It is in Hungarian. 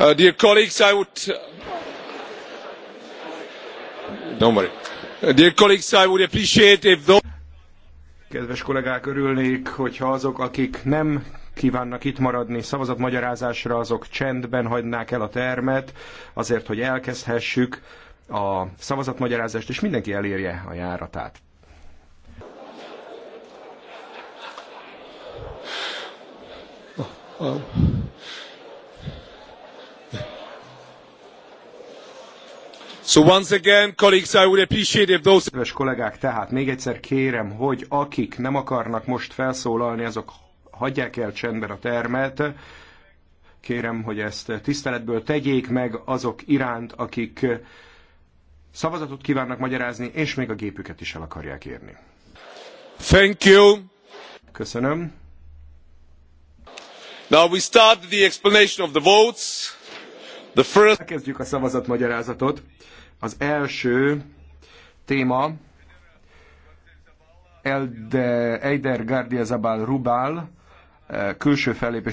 Uh, dear colleagues, I would. Don't worry. Uh, dear colleagues, I would appreciate if those. Kedves kollégák, örülnék, hogyha azok, akik nem kívánnak itt maradni szavazatmagyarázásra, azok csendben hagynák el a termet, azért, hogy elkezdhessük a szavazatmagyarázást, és mindenki elérje a járatát. Oh. Oh. So once again, colleagues, I would appreciate if those... Kedves kollégák, tehát még egyszer kérem, hogy akik nem akarnak most felszólalni, azok hagyják el csendben a termet. Kérem, hogy ezt tiszteletből tegyék meg azok iránt, akik szavazatot kívánnak magyarázni, és még a gépüket is el akarják érni. Thank you. Köszönöm. Now we start the explanation of the votes. The first... Kezdjük a szavazatmagyarázatot. Az első téma Elde, Eider Gardia Zabal Rubal eh, külső fellépés